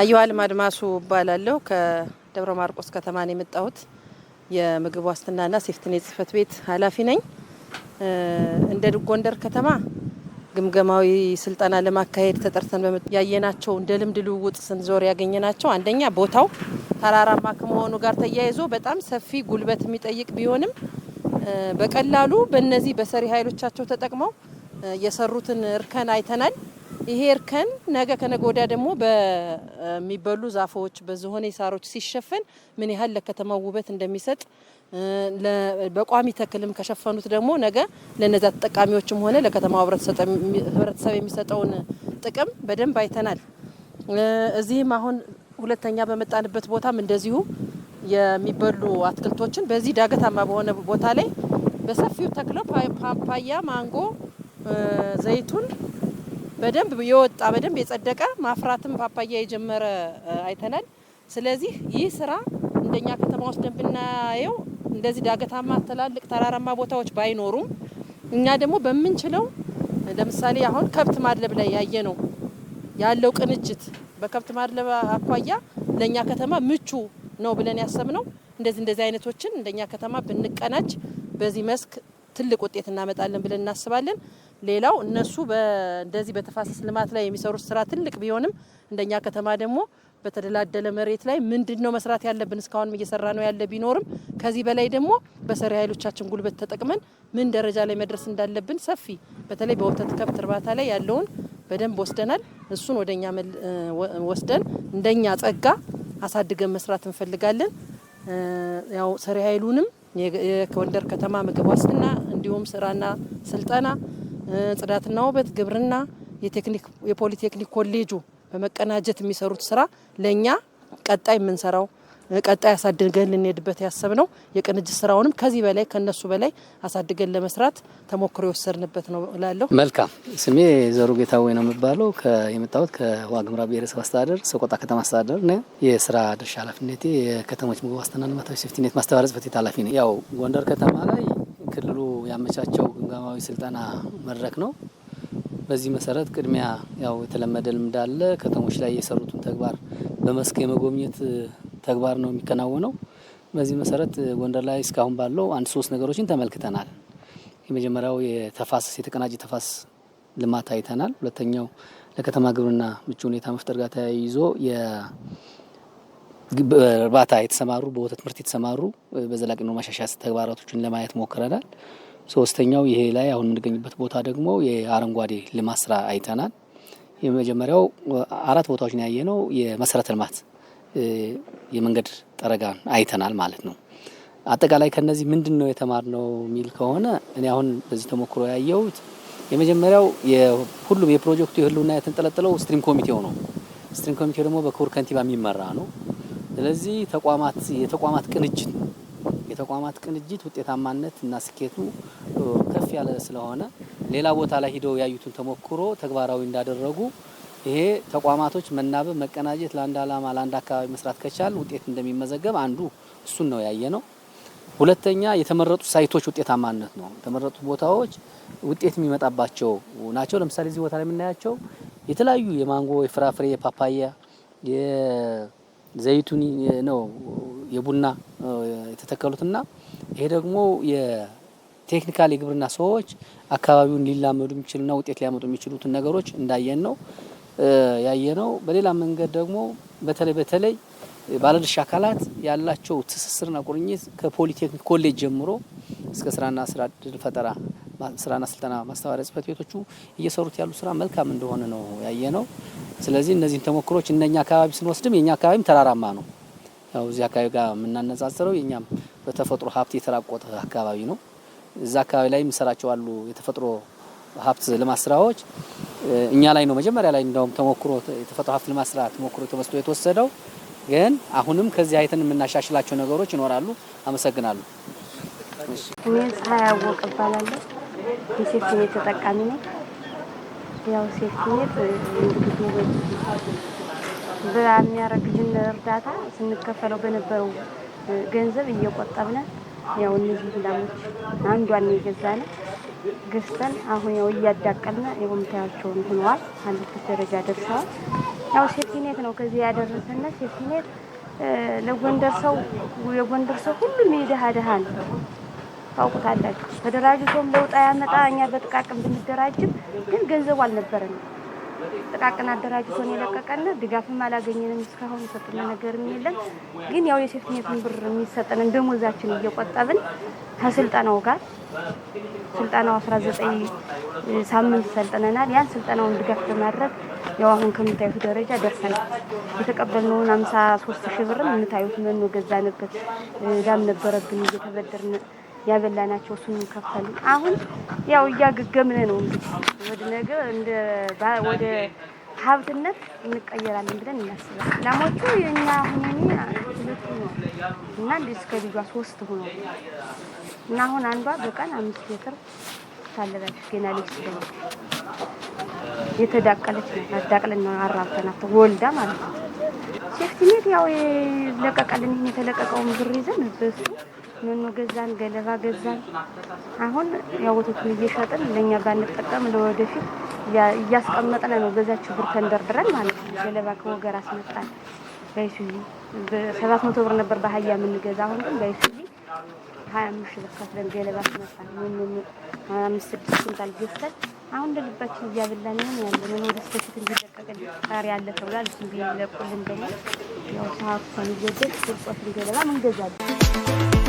አየዋልም አድማሱ እባላለሁ። ከደብረ ማርቆስ ከተማ ነው የመጣሁት። የምግብ ዋስትናና ሴፍትኔት ጽህፈት ቤት ኃላፊ ነኝ። እንደ ጎንደር ከተማ ግምገማዊ ስልጠና ለማካሄድ ተጠርተን ያየናቸው እንደ ልምድ ልውውጥ ስንዞር ያገኘናቸው አንደኛ ቦታው ተራራማ ከመሆኑ ጋር ተያይዞ በጣም ሰፊ ጉልበት የሚጠይቅ ቢሆንም በቀላሉ በእነዚህ በሰሪ ኃይሎቻቸው ተጠቅመው የሰሩትን እርከን አይተናል። ይሄ እርከን ነገ ከነገ ወዲያ ደግሞ በሚበሉ ዛፎች በዝሆኔ ሳሮች ሲሸፈን ምን ያህል ለከተማው ውበት እንደሚሰጥ በቋሚ ተክልም ከሸፈኑት ደግሞ ነገ ለነዛ ተጠቃሚዎችም ሆነ ለከተማው ህብረተሰብ የሚሰጠውን ጥቅም በደንብ አይተናል። እዚህም አሁን ሁለተኛ በመጣንበት ቦታም እንደዚሁ የሚበሉ አትክልቶችን በዚህ ዳገታማ በሆነ ቦታ ላይ በሰፊው ተክለው ፓፓያ፣ ማንጎ፣ ዘይቱን በደንብ የወጣ በደንብ የጸደቀ ማፍራትም ፓፓያ የጀመረ አይተናል። ስለዚህ ይህ ስራ እንደኛ ከተማ ውስጥ እንደምናየው እንደዚህ ዳገታማ ትላልቅ ተራራማ ቦታዎች ባይኖሩም እኛ ደግሞ በምንችለው ለምሳሌ አሁን ከብት ማድለብ ላይ ያየ ነው ያለው ቅንጅት በከብት ማድለብ አኳያ ለእኛ ከተማ ምቹ ነው ብለን ያሰብነው እንደዚህ እንደዚህ አይነቶችን እንደኛ ከተማ ብንቀናጅ በዚህ መስክ ትልቅ ውጤት እናመጣለን ብለን እናስባለን። ሌላው እነሱ እንደዚህ በተፋሰስ ልማት ላይ የሚሰሩት ስራ ትልቅ ቢሆንም እንደኛ ከተማ ደግሞ በተደላደለ መሬት ላይ ምንድን ነው መስራት ያለብን? እስካሁንም እየሰራ ነው ያለ ቢኖርም ከዚህ በላይ ደግሞ በሰሪ ኃይሎቻችን ጉልበት ተጠቅመን ምን ደረጃ ላይ መድረስ እንዳለብን ሰፊ በተለይ በወተት ከብት እርባታ ላይ ያለውን በደንብ ወስደናል። እሱን ወደኛ ወስደን እንደኛ ጸጋ አሳድገን መስራት እንፈልጋለን። ያው ሰሪ ኃይሉንም የጎንደር ከተማ ምግብ ዋስትና እንዲሁም ስራና ስልጠና ጽዳትና ውበት፣ ግብርና፣ የቴክኒክ የፖሊቴክኒክ ኮሌጁ በመቀናጀት የሚሰሩት ስራ ለእኛ ቀጣይ የምንሰራው ቀጣይ አሳድገን ልንሄድበት ያሰብ ነው። የቅንጅት ስራውንም ከዚህ በላይ ከነሱ በላይ አሳድገን ለመስራት ተሞክሮ የወሰድንበት ነው እላለሁ። መልካም። ስሜ ዘሩ ጌታ ወይ ነው የምባለው። የመጣሁት ከዋግምራ ብሔረሰብ አስተዳደር ሰቆጣ ከተማ አስተዳደር ነው። የስራ ድርሻ ኃላፊነቴ የከተሞች ምግብ ዋስትናና ልማታዊ ሴፍቲኔት ማስተባበር ጽሕፈት ቤት ኃላፊ ነኝ። ያው ጎንደር ከተማ ላይ ክልሉ ያመቻቸው ግምገማዊ ስልጠና መድረክ ነው። በዚህ መሰረት ቅድሚያ ያው የተለመደ ልምድ አለ። ከተሞች ላይ የሰሩትን ተግባር በመስክ የመጎብኘት ተግባር ነው የሚከናወነው። በዚህ መሰረት ጎንደር ላይ እስካሁን ባለው አንድ ሶስት ነገሮችን ተመልክተናል። የመጀመሪያው የተፋሰስ የተቀናጀ ተፋስ ልማት አይተናል። ሁለተኛው ለከተማ ግብርና ምቹ ሁኔታ መፍጠር ጋር ተያይዞ በእርባታ የተሰማሩ በወተት ምርት የተሰማሩ በዘላቂነት ማሻሻያ ተግባራቶችን ለማየት ሞክረናል። ሶስተኛው ይሄ ላይ አሁን የምንገኝበት ቦታ ደግሞ የአረንጓዴ ልማት ስራ አይተናል። የመጀመሪያው አራት ቦታዎችን ያየነው የመሰረተ ልማት የመንገድ ጠረጋን አይተናል ማለት ነው። አጠቃላይ ከነዚህ ምንድን ነው የተማርነው የሚል ከሆነ እኔ አሁን በዚህ ተሞክሮ ያየሁት የመጀመሪያው ሁሉም የፕሮጀክቱ የህልውና የተንጠለጠለው ስትሪም ኮሚቴው ነው። ስትሪም ኮሚቴው ደግሞ በክቡር ከንቲባ የሚመራ ነው። ስለዚህ ተቋማት የተቋማት ቅንጅት የተቋማት ቅንጅት ውጤታማነት እና ስኬቱ ከፍ ያለ ስለሆነ ሌላ ቦታ ላይ ሂደው ያዩትን ተሞክሮ ተግባራዊ እንዳደረጉ ይሄ ተቋማቶች መናበብ፣ መቀናጀት ለአንድ ዓላማ ለአንድ አካባቢ መስራት ከቻል ውጤት እንደሚመዘገብ አንዱ እሱን ነው ያየ ነው። ሁለተኛ የተመረጡ ሳይቶች ውጤታማነት ነው። የተመረጡ ቦታዎች ውጤት የሚመጣባቸው ናቸው። ለምሳሌ እዚህ ቦታ ላይ የምናያቸው የተለያዩ የማንጎ፣ የፍራፍሬ፣ የፓፓያ ዘይቱኒ ነው የቡና የተተከሉትና ይሄ ደግሞ የቴክኒካል የግብርና ሰዎች አካባቢውን ሊላመዱ የሚችሉና ውጤት ሊያመጡ የሚችሉትን ነገሮች እንዳየን ነው ያየ ነው። በሌላ መንገድ ደግሞ በተለይ በተለይ ባለድርሻ አካላት ያላቸው ትስስርና ቁርኝት ከፖሊቴክኒክ ኮሌጅ ጀምሮ እስከ ስራና ስራ እድል ፈጠራ ስራና ስልጠና ማስተባበሪያ ጽህፈት ቤቶቹ እየሰሩት ያሉ ስራ መልካም እንደሆነ ነው ያየ ነው። ስለዚህ እነዚህን ተሞክሮች እነኛ አካባቢ ስንወስድም የኛ አካባቢም ተራራማ ነው። ያው እዚህ አካባቢ ጋር የምናነጻጽረው የኛም በተፈጥሮ ሀብት የተራቆተ አካባቢ ነው። እዛ አካባቢ ላይ የምንሰራቸው አሉ የተፈጥሮ ሀብት ልማት ስራዎች እኛ ላይ ነው መጀመሪያ ላይ እንደውም ተሞክሮ የተፈጥሮ ሀብት ልማት ስራ ተሞክሮ ተመስቶ የተወሰደው ግን አሁንም ከዚህ አይተን የምናሻሽላቸው ነገሮች ይኖራሉ። አመሰግናለሁ። ፀሐይ አወቅ እባላለሁ። የሴፍቲኔት ተጠቃሚ ነው። ያው ሴፍቲኔት እንግዲህ በሚያረግጅን እርዳታ ስንከፈለው በነበረው ገንዘብ እየቆጠብን ያው እነዚህ ላሞች አንዷን የገዛን ገዝተን አሁን ያው እያዳቀልን ይኸው የምታያቸውን ሆነዋል። አንድበት ደረጃ ደርሰዋል። ያው ሴፍቲኔት ነው ከዚህ ያደረሰና ሴፍቲኔት ለጎንደር ሰው የጎንደር ሰው ሁሉም የድሃ ድሃ ነው። ታውቁታላችሁ። ተደራጅቶም ለውጥ ያመጣ እኛ በጥቃቅን ብንደራጅም ግን ገንዘቡ አልነበረንም። ጥቃቅን አደራጅቶን የለቀቀን ድጋፍም አላገኘንም እስካሁን የሰጡን ነገርም የለም። ግን ያው የሴፍትኔትን ብር የሚሰጠንን ደሞዛችን እየቆጠብን ከስልጠናው ጋር ስልጠናው 19 ዘጠኝ ሳምንት ሰልጥነናል። ያን ስልጠናውን ድጋፍ በማድረግ ያው አሁን ከምታዩት ደረጃ ደርሰናል። የተቀበልነውን አምሳ ሺህ ብርም የምታዩት መኖ ገዛንበት ዳም ነበረብን እየተበደርን ያበላናቸው እሱን ከፈል አሁን ያው እያገገምን ነው። እንግዲህ ወደ ነገ እንደ ወደ ሀብትነት እንቀየራለን ብለን እናስባለን። ላሞቹ የኛ ሁኔኒ ሁለት ነው እና እንደ እስከ ልጇ ሶስት ሆኖ እና አሁን አንዷ በቀን አምስት ሊትር ታለባለች። ገና ልጅ ስለሆነ የተዳቀለች ነው። አዳቅለን ነው አራብተናት ወልዳ ማለት ነው። ሴፍቲኔት ያው ለቀቀልን። ይህን የተለቀቀውን ብር ይዘን በሱ ምኑ ገዛን፣ ገለባ ገዛን። አሁን ያው ወተቱን እየሸጥን ለእኛ ባንጠቀም ለወደፊት እያስቀመጥን ነው። በዛችው ብር ተንደርድረን ማለት ነው። ገለባ ከወገር አስመጣን በይሱዚ ሰባት መቶ ብር ነበር በሀያ የምንገዛ። አሁን ግን በይሱዚ ሀያ አምስት ብር ከፍለን ገለባ አስመጣን። ምኑ አምስት ስድስት ኩንታል ገዝተን አሁን ልባችን ነው ያለ ነው። ወደ ስፔሲፊክ እንዲለቀቅል ታሪ ያለ ተብሏል። እሱ ቢለቁልን ደግሞ ያው ሰሀቱን እየወደድ ቁርጦትን ገለባ እንገዛለን።